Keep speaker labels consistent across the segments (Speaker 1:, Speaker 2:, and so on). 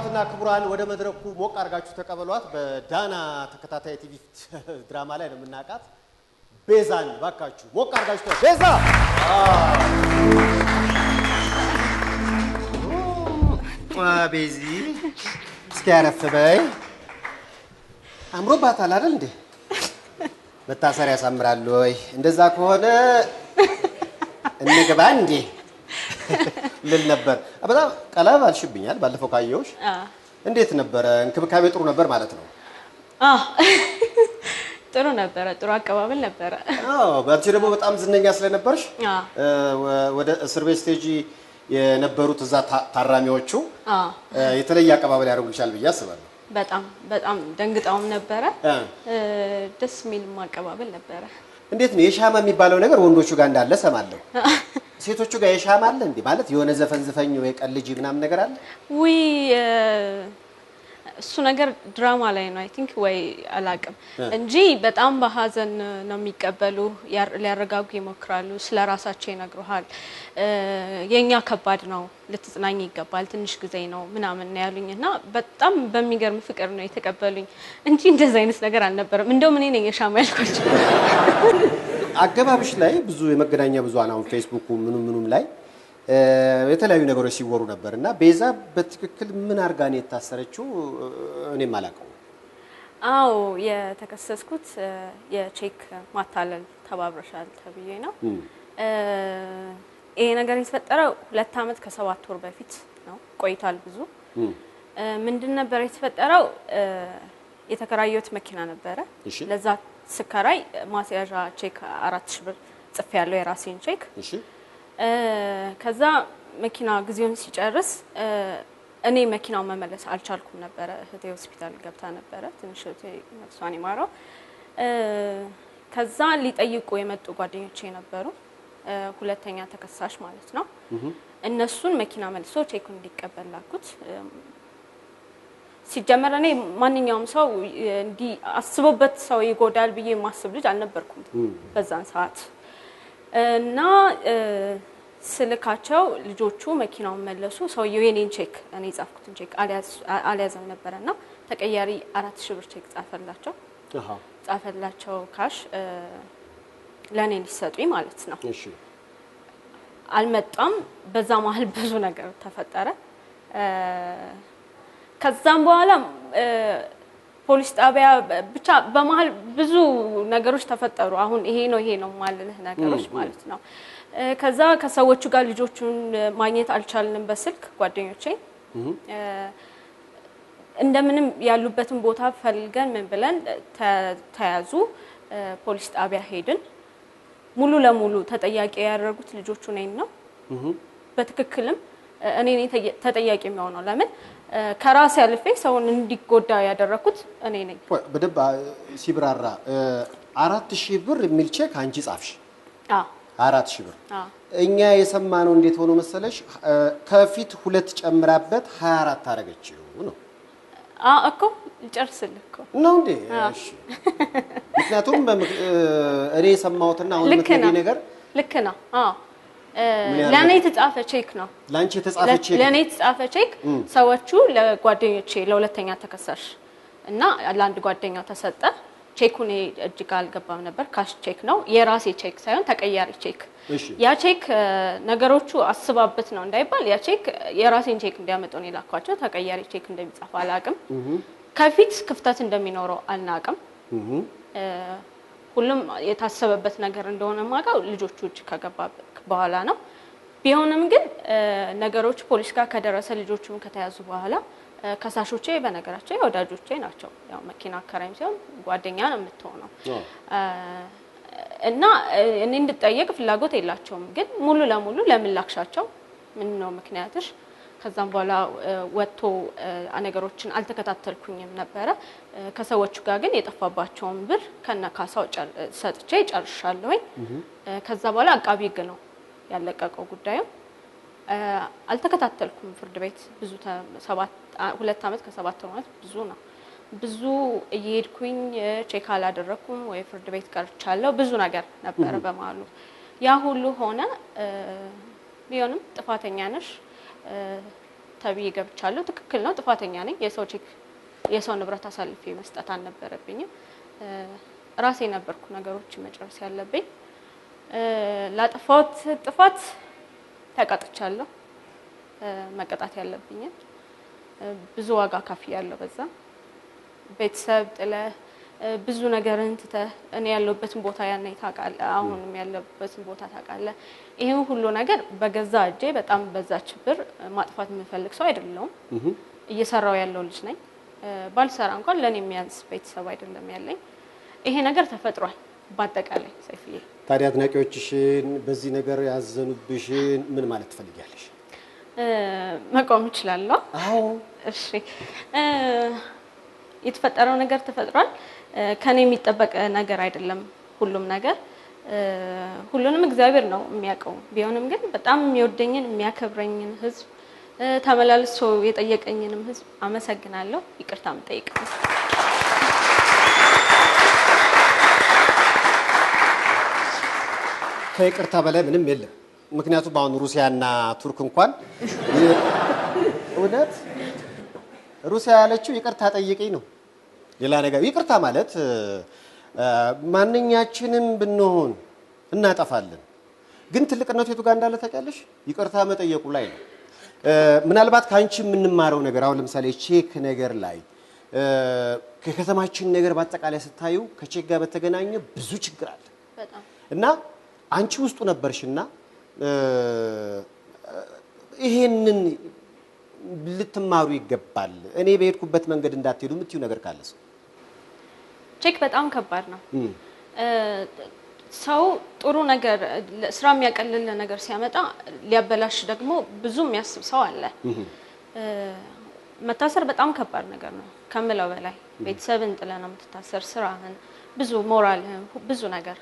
Speaker 1: ክቡራትና ክቡራን ወደ መድረኩ ሞቅ አድርጋችሁ ተቀበሏት። በዳና ተከታታይ ቲቪ ድራማ ላይ ነው የምናውቃት ቤዛን። ባካችሁ ሞቅ አድርጋችሁ ቤዛ። ቤዚ እስኪ ያረፍ በይ። አምሮባታል አይደል እንዴ? መታሰር ያሳምራል ወይ? እንደዛ ከሆነ እንግባ እንዴ? ልል ነበር። በጣም ቀለብ አልሽብኛል ባለፈው ካየሁሽ። እንዴት ነበረ? እንክብካቤ ጥሩ ነበር ማለት ነው?
Speaker 2: ጥሩ ነበረ። ጥሩ አቀባበል ነበረ።
Speaker 1: አንቺ ደግሞ በጣም ዝነኛ ስለነበርሽ ወደ እስር ቤት ስቴጂ የነበሩት እዛ ታራሚዎቹ የተለየ አቀባበል ያደርጉልሻል ብዬ አስባለሁ።
Speaker 2: በጣም በጣም ደንግጣውም ነበረ። ደስ የሚልም አቀባበል ነበረ።
Speaker 1: እንዴት ነው የሻማ የሚባለው ነገር ወንዶቹ ጋር እንዳለ ሰማለሁ። ሴቶቹ ጋር የሻማ አለ እንዴ? ማለት የሆነ ዘፈን ዘፈኝ ወይ ቀን ልጅ ምናምን ነገር አለ
Speaker 2: ወይ? እሱ ነገር ድራማ ላይ ነው አይ ቲንክ ወይ አላቅም እንጂ በጣም በሀዘን ነው የሚቀበሉ። ሊያረጋጉ ይሞክራሉ። ስለ ራሳቸው ይነግሩሃል። የእኛ ከባድ ነው፣ ልትጽናኝ ይገባል፣ ትንሽ ጊዜ ነው ምናምን ያሉኝ እና በጣም በሚገርም ፍቅር ነው የተቀበሉኝ እንጂ እንደዚህ አይነት ነገር አልነበረም። እንደውም እኔ ነኝ የሻማ ያልኳቸው።
Speaker 1: አገባብሽ ላይ ብዙ የመገናኛ ብዙሃን አሁን ፌስቡኩ ምኑም ምኑም ላይ የተለያዩ ነገሮች ሲወሩ ነበር እና ቤዛ በትክክል ምን አድርጋ ነው የታሰረችው? እኔም አላውቀው።
Speaker 2: አዎ የተከሰስኩት የቼክ ማታለል ተባብረሻል ተብዬ ነው። ይሄ ነገር የተፈጠረው ሁለት ዓመት ከሰባት ወር በፊት ነው። ቆይቷል ብዙ። ምንድን ነበር የተፈጠረው? የተከራየሁት መኪና ነበረ። ለዛ ስከራይ ማስያዣ ቼክ አራት ሺ ብር ጽፌ ያለው የራሴን ቼክ። ከዛ መኪና ጊዜውን ሲጨርስ እኔ መኪናው መመለስ አልቻልኩም ነበረ። እህቴ ሆስፒታል ገብታ ነበረ። ትንሽ እህቴ ነፍሷን ይማረው። ከዛ ሊጠይቁ የመጡ ጓደኞች የነበሩ ሁለተኛ ተከሳሽ ማለት ነው። እነሱን መኪና መልሶ ቼኩን እንዲቀበል ላኩት። ሲጀመር እኔ ማንኛውም ሰው እንዲህ አስቦበት ሰው ይጎዳል ብዬ የማስብ ልጅ አልነበርኩም በዛን ሰዓት እና ስልካቸው ልጆቹ መኪናውን መለሱ። ሰውየው የኔን ቼክ እኔ የጻፍኩትን ቼክ አልያዘም ነበረ እና ተቀያሪ አራት ሺህ ብር ቼክ ጻፈላቸው ጻፈላቸው ካሽ ለእኔ እንዲሰጡኝ ማለት ነው። አልመጣም። በዛ መሀል ብዙ ነገር ተፈጠረ። ከዛም በኋላ ፖሊስ ጣቢያ ብቻ በመሀል ብዙ ነገሮች ተፈጠሩ። አሁን ይሄ ነው ይሄ ነው ማልልህ ነገሮች ማለት ነው። ከዛ ከሰዎቹ ጋር ልጆቹን ማግኘት አልቻልንም። በስልክ ጓደኞቼ እንደምንም ያሉበትን ቦታ ፈልገን ምን ብለን ተያዙ። ፖሊስ ጣቢያ ሄድን። ሙሉ ለሙሉ ተጠያቂ ያደረጉት ልጆቹ ነኝ ነው። በትክክልም እኔ ተጠያቂ የሚሆነው ለምን ከራስ አልፌ ሰውን እንዲጎዳ ያደረኩት እኔ ነኝ።
Speaker 1: በደንብ ሲብራራ አራት ሺህ ብር የሚል ቼክ አንቺ ጻፍሽ። አራት ሺህ ብር እኛ የሰማነው እንዴት ሆኖ መሰለሽ? ከፊት ሁለት ጨምራበት ሀያ አራት አደረገችው ነው
Speaker 2: እኮ ልጨርስልህ እኮ
Speaker 1: ነው እንዴ? ምክንያቱም እኔ የሰማሁትና
Speaker 2: አሁን ነገር ልክ ነው ለእኔ የተጻፈ ቼክ ነው።
Speaker 1: ለአንቺ የተጻፈ ቼክ
Speaker 2: ለእኔ የተጻፈ ቼክ ሰዎቹ ለጓደኞቼ ለሁለተኛ ተከሳሽ እና ለአንድ ጓደኛው ተሰጠ። ቼኩን እጅ አልገባም ነበር። ካሽ ቼክ ነው የራሴ ቼክ ሳይሆን ተቀያሪ ቼክ። ያ ቼክ ነገሮቹ አስባበት ነው እንዳይባል ያ ቼክ የራሴን ቼክ እንዲያመጡ ነው የላኳቸው። ተቀያሪ ቼክ እንደሚጻፍ አላቅም። ከፊት ክፍተት እንደሚኖረው አናቅም። ሁሉም የታሰበበት ነገር እንደሆነ ማቀው ልጆቹ ውጭ ከገባ በኋላ ነው። ቢሆንም ግን ነገሮች ፖሊስ ጋር ከደረሰ ልጆቹም ከተያዙ በኋላ ከሳሾቼ በነገራቸው ወዳጆቼ ናቸው። ያው መኪና አከራይም ሲሆን ጓደኛ ነው የምትሆነው እና እኔ እንድጠየቅ ፍላጎት የላቸውም። ግን ሙሉ ለሙሉ ለምን ላክሻቸው? ምን ነው ምክንያትሽ? ከዛም በኋላ ወጥቶ ነገሮችን አልተከታተልኩኝም ነበረ። ከሰዎቹ ጋር ግን የጠፋባቸውን ብር ከነ ካሳው ሰጥቼ ጨርሻለሁኝ። ከዛ በኋላ አቃቢ ሕግ ነው ያለቀቀው ጉዳዩ። አልተከታተልኩም ፍርድ ቤት ብዙ ሁለት ዓመት ከሰባት ማለት ብዙ ነው። ብዙ እየሄድኩኝ ቼክ አላደረግኩም ወይ ፍርድ ቤት ቀርቻለሁ። ብዙ ነገር ነበረ በመሀሉ። ያ ሁሉ ሆነ። ቢሆንም ጥፋተኛ ነሽ ተብዬ ገብቻለሁ። ትክክል ነው፣ ጥፋተኛ ነኝ። የሰው ቼክ የሰው ንብረት አሳልፌ መስጠት አልነበረብኝም። ራሴ የነበርኩ ነገሮች መጨረስ ያለብኝ። ላጠፋሁት ጥፋት ተቀጥቻለሁ፣ መቀጣት ያለብኝን ብዙ ዋጋ ከፍያለሁ። በዛ ቤተሰብ ጥለህ ብዙ ነገርን ትተህ እኔ ያለሁበትን ቦታ ያኔ ታውቃለህ፣ አሁንም ያለሁበትን ቦታ ታውቃለህ። ይህን ሁሉ ነገር በገዛ እጄ በጣም በዛች ብር ማጥፋት የምፈልግ ሰው አይደለውም። እየሰራው ያለው ልጅ ነኝ። ባልሰራ እንኳን ለእኔ የሚያንስ ቤተሰብ አይደለም ያለኝ። ይሄ ነገር ተፈጥሯል። በአጠቃላይ ሰይፍዬ፣
Speaker 1: ታዲያ አድናቂዎችሽን በዚህ ነገር ያዘኑብሽን ምን ማለት ትፈልጊያለሽ?
Speaker 2: መቆም እችላለሁ? አዎ። እሺ የተፈጠረው ነገር ተፈጥሯል። ከኔ የሚጠበቅ ነገር አይደለም ሁሉም ነገር ሁሉንም እግዚአብሔር ነው የሚያውቀው። ቢሆንም ግን በጣም የሚወደኝን የሚያከብረኝን ህዝብ ተመላልሶ የጠየቀኝንም ህዝብ አመሰግናለሁ። ይቅርታም ጠይቅ
Speaker 1: ከይቅርታ በላይ ምንም የለም። ምክንያቱም ሩሲያ ሩሲያና ቱርክ እንኳን እውነት ሩሲያ ያለችው ይቅርታ ጠይቀኝ ነው። ሌላ ነገር ይቅርታ ማለት ማንኛችንም ብንሆን እናጠፋለን። ግን ትልቅነቱ የቱ ጋር እንዳለ ታውቂያለሽ? ይቅርታ መጠየቁ ላይ ነው። ምናልባት ከአንቺ የምንማረው ነገር አሁን ለምሳሌ ቼክ ነገር ላይ ከከተማችን ነገር በአጠቃላይ ስታዩ ከቼክ ጋር በተገናኘ ብዙ ችግር አለ እና አንቺ ውስጡ ነበርሽና ይሄንን ልትማሩ ይገባል። እኔ በሄድኩበት መንገድ እንዳትሄዱ የምትዩ ነገር ካለስ
Speaker 2: ቼክ በጣም ከባድ ነው። ሰው ጥሩ ነገር ስራ የሚያቀልል ነገር ሲያመጣ ሊያበላሽ ደግሞ ብዙ የሚያስብ ሰው አለ። መታሰር በጣም ከባድ ነገር ነው ከምለው በላይ ቤተሰብን ጥለ ነው የምትታሰር፣ ስራህን፣ ብዙ ሞራልህን፣ ብዙ ነገር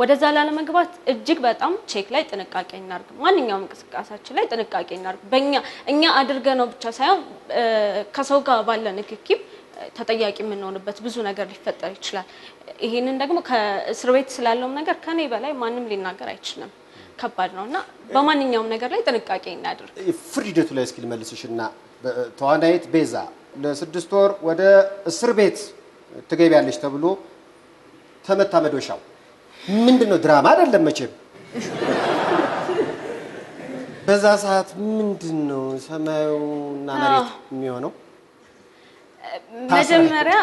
Speaker 2: ወደዛ ላለመግባት እጅግ በጣም ቼክ ላይ ጥንቃቄ እናርግ። ማንኛውም እንቅስቃሴያችን ላይ ጥንቃቄ እናርግ። በእኛ እኛ አድርገ ነው ብቻ ሳይሆን ከሰው ጋር ባለ ንክኪም ተጠያቂ የምንሆንበት ብዙ ነገር ሊፈጠር ይችላል። ይህንን ደግሞ ከእስር ቤት ስላለውም ነገር ከኔ በላይ ማንም ሊናገር አይችልም። ከባድ ነው እና በማንኛውም ነገር ላይ ጥንቃቄ እናድርግ።
Speaker 1: ፍርድ ሂደቱ ላይ እስኪ ልመልስሽ እና ተዋናይት ቤዛ ለስድስት ወር ወደ እስር ቤት ትገቢያለች ተብሎ ተመታ መዶሻው ምንድን ነው ድራማ አይደለም መቼም። በዛ ሰዓት ምንድን ነው ሰማዩና መሬት የሚሆነው?
Speaker 2: መጀመሪያ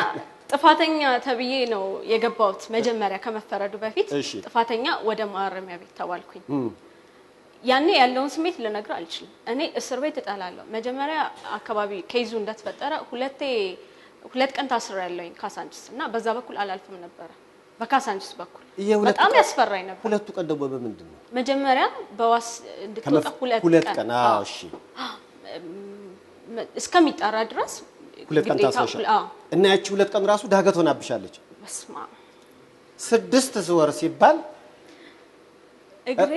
Speaker 2: ጥፋተኛ ተብዬ ነው የገባሁት። መጀመሪያ ከመፈረዱ በፊት ጥፋተኛ ወደ ማረሚያ ቤት ተባልኩኝ። ያኔ ያለውን ስሜት ልነግር አልችልም። እኔ እስር ቤት እጠላለሁ። መጀመሪያ አካባቢ ከይዙ እንደተፈጠረ ሁለቴ ሁለት ቀን ታስሬያለሁኝ ካሳንችስ እና በዛ በኩል አላልፍም ነበረ በካሳንቺስ በኩል በጣም ያስፈራኝ ነበር።
Speaker 1: ሁለቱ ቀን ደግሞ በምንድን ነው?
Speaker 2: መጀመሪያ በዋስ
Speaker 1: እንድትወጣ ሁለት ቀን። አዎ እሺ፣
Speaker 2: እስከሚጣራ ድረስ
Speaker 1: ሁለት ቀን ታስረሻል እና ያቺ ሁለት ቀን ራሱ ዳገት ሆናብሻለች። ስድስት ስወር ሲባል
Speaker 2: እግሬ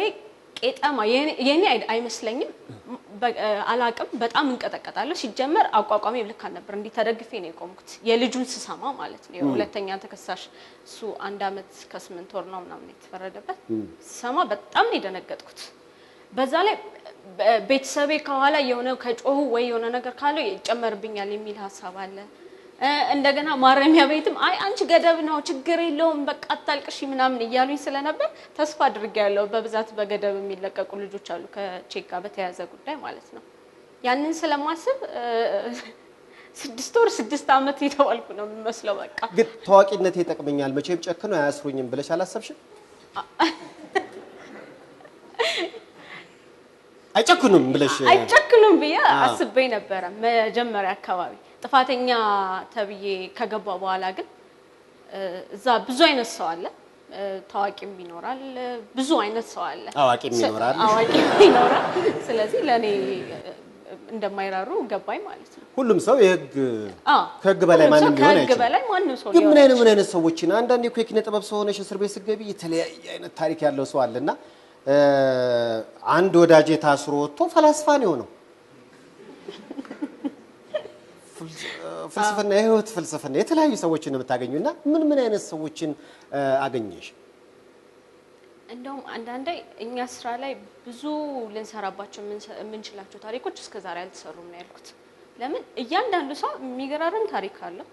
Speaker 2: ቄጠማ የኔ አይመስለኝም፣ አላቅም። በጣም እንቀጠቀጣለሁ። ሲጀመር አቋቋሚ ልክ አልነበር። እንዲህ ተደግፌ ነው የቆምኩት የልጁን ስሰማ ማለት ነው። የሁለተኛ ተከሳሽ እሱ አንድ አመት ከስምንት ወር ነው ምናምን የተፈረደበት ስሰማ በጣም ነው የደነገጥኩት። በዛ ላይ ቤተሰቤ ከኋላ የሆነ ከጮሁ ወይ የሆነ ነገር ካለው ይጨመርብኛል የሚል ሀሳብ አለ። እንደገና ማረሚያ ቤትም አይ አንቺ ገደብ ነው ችግር የለውም በቃ አታልቅሺ ምናምን እያሉኝ ስለነበር ተስፋ አድርጌ ያለው በብዛት በገደብ የሚለቀቁ ልጆች አሉ ከቼክ ጋር በተያያዘ ጉዳይ ማለት ነው። ያንን ስለማስብ ስድስት ወር ስድስት ዓመት የተባልኩ ነው የሚመስለው በቃ
Speaker 1: ግን ታዋቂነት ይጠቅመኛል መቼም ጨክኖ አያስሩኝም ብለሽ አላሰብሽም? አይጨክኑም ብለሽ
Speaker 2: አይጨክኑም ብዬ አስቤ ነበረ መጀመሪያ አካባቢ ጥፋተኛ ተብዬ ከገባ በኋላ ግን እዛ ብዙ አይነት ሰው አለ። ታዋቂም ይኖራል፣ ብዙ አይነት ሰው አለ፣
Speaker 1: አዋቂም ይኖራል፣
Speaker 2: አዋቂም ይኖራል። ስለዚህ ለእኔ እንደማይራሩ ገባኝ ማለት ነው።
Speaker 1: ሁሉም ሰው የህግ ከህግ በላይ ማንም ሊሆን አይችልም። ከህግ
Speaker 2: በላይ ማንም ሰው
Speaker 1: ግን ምን አይነት ምን አይነት ሰዎች ነው? አንዳንዴ እኮ የኪነ ጥበብ ሰው ሆነሽ እስር ቤት ስትገቢ የተለያየ አይነት ታሪክ ያለው ሰው አለና አንድ ወዳጄ ታስሮ ወጥቶ ፈላስፋ ነው የሆነው ፍልስፍና የህይወት ፍልስፍና የተለያዩ ሰዎችን ነው የምታገኙ እና ምን ምን አይነት ሰዎችን አገኘሽ?
Speaker 2: እንደውም አንዳንዴ እኛ ስራ ላይ ብዙ ልንሰራባቸው የምንችላቸው ታሪኮች እስከዛሬ አልተሰሩም ነው ያልኩት። ለምን እያንዳንዱ ሰው የሚገራርም ታሪክ አለው።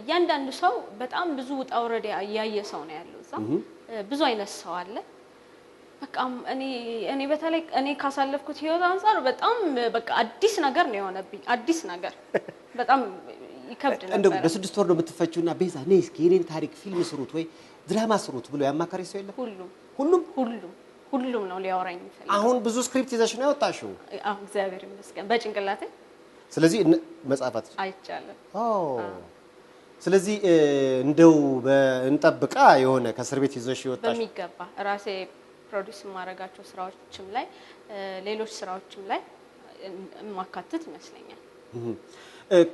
Speaker 2: እያንዳንዱ ሰው በጣም ብዙ ውጣ ውረድ ያየ ሰው ነው ያለው። እዛ ብዙ አይነት ሰው አለ። በቃ እኔ እኔ በተለይ እኔ ካሳለፍኩት ህይወት አንጻር በጣም በቃ አዲስ ነገር ነው የሆነብኝ አዲስ ነገር በጣም ይከብድ ነበር።
Speaker 1: እንደው በስድስት ወር ነው የምትፈችውና ቤዛ ነይ እስኪ የኔን ታሪክ ፊልም ስሩት ወይ ድራማ ስሩት ብሎ ያማካሪ ሰው የለም። ሁሉም ሁሉም
Speaker 2: ሁሉም ሁሉም ነው ሊያወራኝ ይፈልጋል።
Speaker 1: አሁን ብዙ ስክሪፕት ይዘሽ ነው ያወጣሽው?
Speaker 2: አዎ እግዚአብሔር ይመስገን በጭንቅላቴ።
Speaker 1: ስለዚህ መጻፋት አይቻልም። ስለዚህ እንደው እንጠብቃ የሆነ ከእስር ቤት ይዘሽ ይወጣሽ
Speaker 2: በሚገባ ራሴ ፕሮዲስ የማደርጋቸው ስራዎችም ላይ ሌሎች ስራዎችም ላይ የማካትት ይመስለኛል።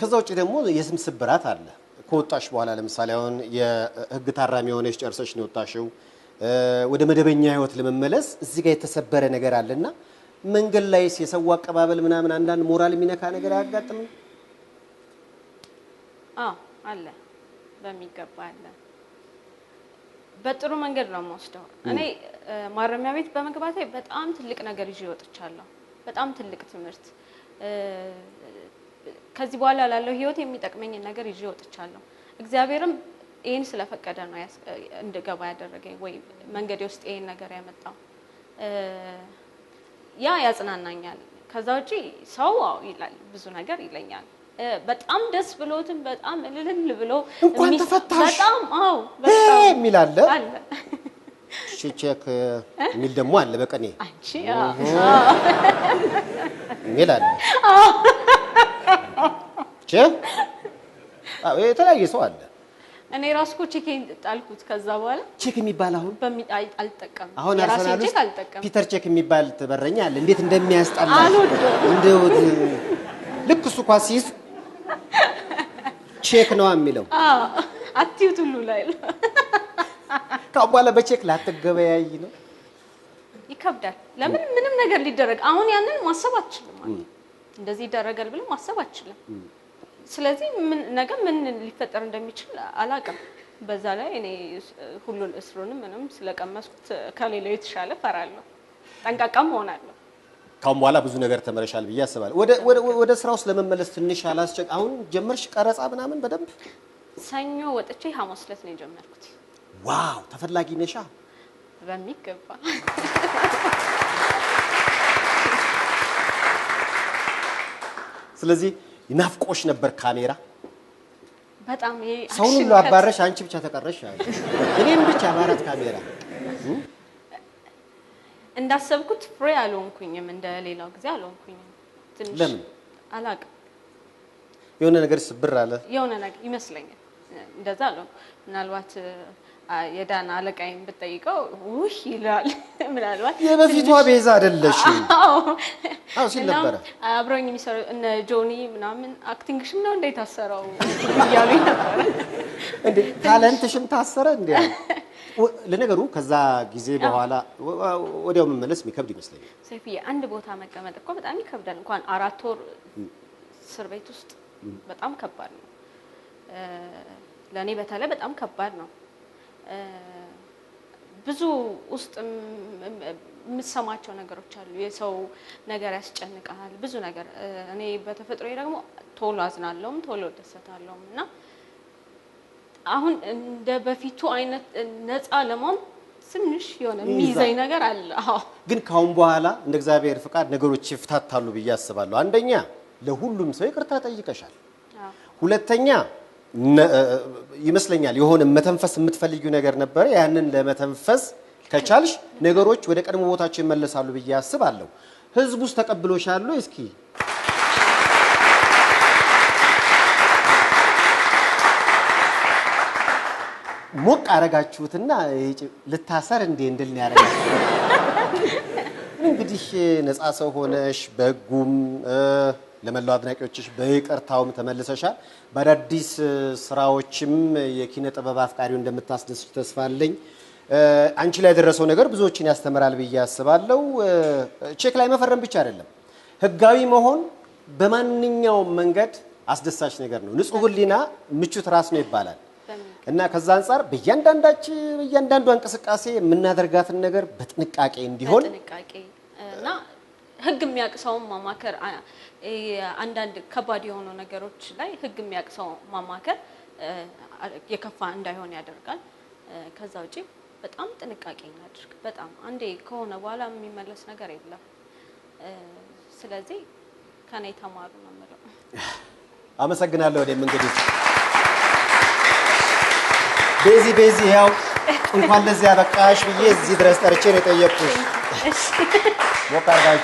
Speaker 1: ከዛ ውጭ ደግሞ የስም ስብራት አለ። ከወጣሽ በኋላ ለምሳሌ አሁን የህግ ታራሚ የሆነች ጨርሰሽ ነው የወጣሽው ወደ መደበኛ ህይወት ለመመለስ እዚህ ጋር የተሰበረ ነገር አለና መንገድ ላይስ የሰው አቀባበል ምናምን አንዳንድ ሞራል የሚነካ ነገር አያጋጥምም?
Speaker 2: አዎ አለ፣ በሚገባ አለ። በጥሩ መንገድ ነው የምወስደው። እኔ ማረሚያ ቤት በመግባቴ በጣም ትልቅ ነገር ይዤ ወጥቻለሁ። በጣም ትልቅ ትምህርት ከዚህ በኋላ ላለው ህይወት የሚጠቅመኝን ነገር ይዤ ወጥቻለሁ። እግዚአብሔርም ይህን ስለፈቀደ ነው እንድገባ ያደረገኝ ወይ መንገዴ ውስጥ ይህን ነገር ያመጣው። ያ ያጽናናኛል። ከዛ ውጪ ሰው ይላል ብዙ ነገር ይለኛል። በጣም ደስ ብሎትም በጣም እልልል ብሎ
Speaker 1: እንኳን ተፈታሽ በጣም አዎ የሚል አለ ቼክ የሚል ደግሞ አለ በቀኔ አንቺ የሚል አለ የተለያየ ሰው አለ።
Speaker 2: እኔ ራሱ እኮ ቼክ ጣልኩት። ከዛ በኋላ
Speaker 1: ቼክ የሚባል አሁን አልጠቀምም። አሁን አርሰናል ውስጥ ፒተር ቼክ የሚባል በረኛ አለ። እንዴት እንደሚያስጠላ እንደው ልክ እሱ ኳስ ሲይዝ ቼክ ነው የሚለው።
Speaker 2: አትዩት ሁሉ ላይ
Speaker 1: ካሁን በኋላ በቼክ ላትገበያይ ነው።
Speaker 2: ይከብዳል። ለምን ምንም ነገር ሊደረግ አሁን ያንን ማሰብ አችልም። እንደዚህ ይደረጋል ብለን ማሰብ አችልም። ስለዚህ ምን ነገ ምን ሊፈጠር እንደሚችል አላውቅም። በዛ ላይ እኔ ሁሉን እስሩንም ምንም ስለቀመስኩት ከሌላው የተሻለ ፈራለሁ፣ ጠንቃቃም እሆናለሁ።
Speaker 1: ካሁን በኋላ ብዙ ነገር ተመረሻል ብዬ አስባለሁ። ወደ ስራ ውስጥ ለመመለስ ትንሽ አላስጨቅ። አሁን ጀመርሽ ቀረጻ ምናምን በደንብ
Speaker 2: ሰኞ ወጥቼ ሐሙስ ዕለት ነው የጀመርኩት።
Speaker 1: ዋው ተፈላጊ ነሻ
Speaker 2: በሚገባ
Speaker 1: ስለዚህ ናፍቆሽ ነበር ካሜራ በጣም ይሄ ሰውን ሁሉ አባረሽ አንቺ ብቻ ተቀረሽ። እኔም ብቻ አባራት ካሜራ
Speaker 2: እንዳሰብኩት ፍሬ አልሆንኩኝም፣ እንደ ሌላው ጊዜ አልሆንኩኝም። ትንሽ ለምን አላውቅም፣
Speaker 1: የሆነ ነገር ስብር አለ
Speaker 2: የሆነ ነገር ይመስለኛል። እንደዛ አልሆንኩም ምናልባት የዳና አለቃይም ብጠይቀው ውህ ይላል። ምናልባት የበፊቷ ቤዛ አደለሽ ሲል ነበረ። አብረኝ የሚሰሩ እነ ጆኒ ምናምን አክቲንግሽም ነው እንዴ ታሰረው እያሉ ነበረ። ታለንትሽም ታሰረ እንዲ ለነገሩ ከዛ ጊዜ በኋላ ወዲያው መመለስ የሚከብድ ይመስለኛል። ሰይፍዬ አንድ ቦታ መቀመጥ እኮ በጣም ይከብዳል። እንኳን አራት ወር እስር ቤት ውስጥ በጣም ከባድ ነው። ለእኔ በተለይ በጣም ከባድ ነው። ብዙ ውስጥ የምትሰማቸው ነገሮች አሉ። የሰው ነገር ያስጨንቃል፣ ብዙ ነገር። እኔ በተፈጥሮ ደግሞ ቶሎ አዝናለሁም ቶሎ ደሰታለውም እና አሁን እንደ በፊቱ አይነት ነፃ ለመሆን ትንሽ የሆነ የሚይዘኝ ነገር አለ። ግን ካሁን በኋላ እንደ እግዚአብሔር ፍቃድ ነገሮች ይፍታታሉ ብዬ አስባለሁ። አንደኛ ለሁሉም ሰው ይቅርታ ጠይቀሻል። ሁለተኛ ይመስለኛል የሆነ መተንፈስ የምትፈልጊው ነገር ነበረ። ያንን ለመተንፈስ ከቻልሽ ነገሮች ወደ ቀድሞ ቦታቸው ይመለሳሉ ብዬ አስባለሁ። ህዝቡ ውስጥ ተቀብሎሻል እስኪ ሞቅ አረጋችሁትና ልታሰር እንዴ እንድል ያረጋችሁ። እንግዲህ ነፃ ሰው ሆነሽ በጉም ለመላው አድናቂዎችሽ በይቅርታውም ተመልሰሻል። በአዳዲስ ስራዎችም የኪነ ጥበብ አፍቃሪው እንደምታስደስቱ ተስፋ አለኝ። አንቺ ላይ የደረሰው ነገር ብዙዎችን ያስተምራል ብዬ አስባለሁ። ቼክ ላይ መፈረም ብቻ አይደለም፣ ህጋዊ መሆን በማንኛውም መንገድ አስደሳች ነገር ነው። ንጹህ ህሊና ምቹት ራስ ነው ይባላል እና ከዛ አንጻር በእያንዳንዳች በእያንዳንዷ እንቅስቃሴ የምናደርጋትን ነገር በጥንቃቄ እንዲሆን እና ህግ የሚያውቅ ማማከር አንዳንድ ከባድ የሆኑ ነገሮች ላይ ህግ የሚያቅሰው ማማከር የከፋ እንዳይሆን ያደርጋል። ከዛ ውጪ በጣም ጥንቃቄ እናድርግ። በጣም አንዴ ከሆነ በኋላ የሚመለስ ነገር የለም። ስለዚህ ከኔ ተማሩ ነው የምለው። አመሰግናለሁ። እኔም እንግዲህ ቤዚ ቤዚ ያው እንኳን ለዚህ ያበቃሽ ብዬ እዚህ ድረስ ጠርቼ ነው የጠየቅኩሽ። ሞቅ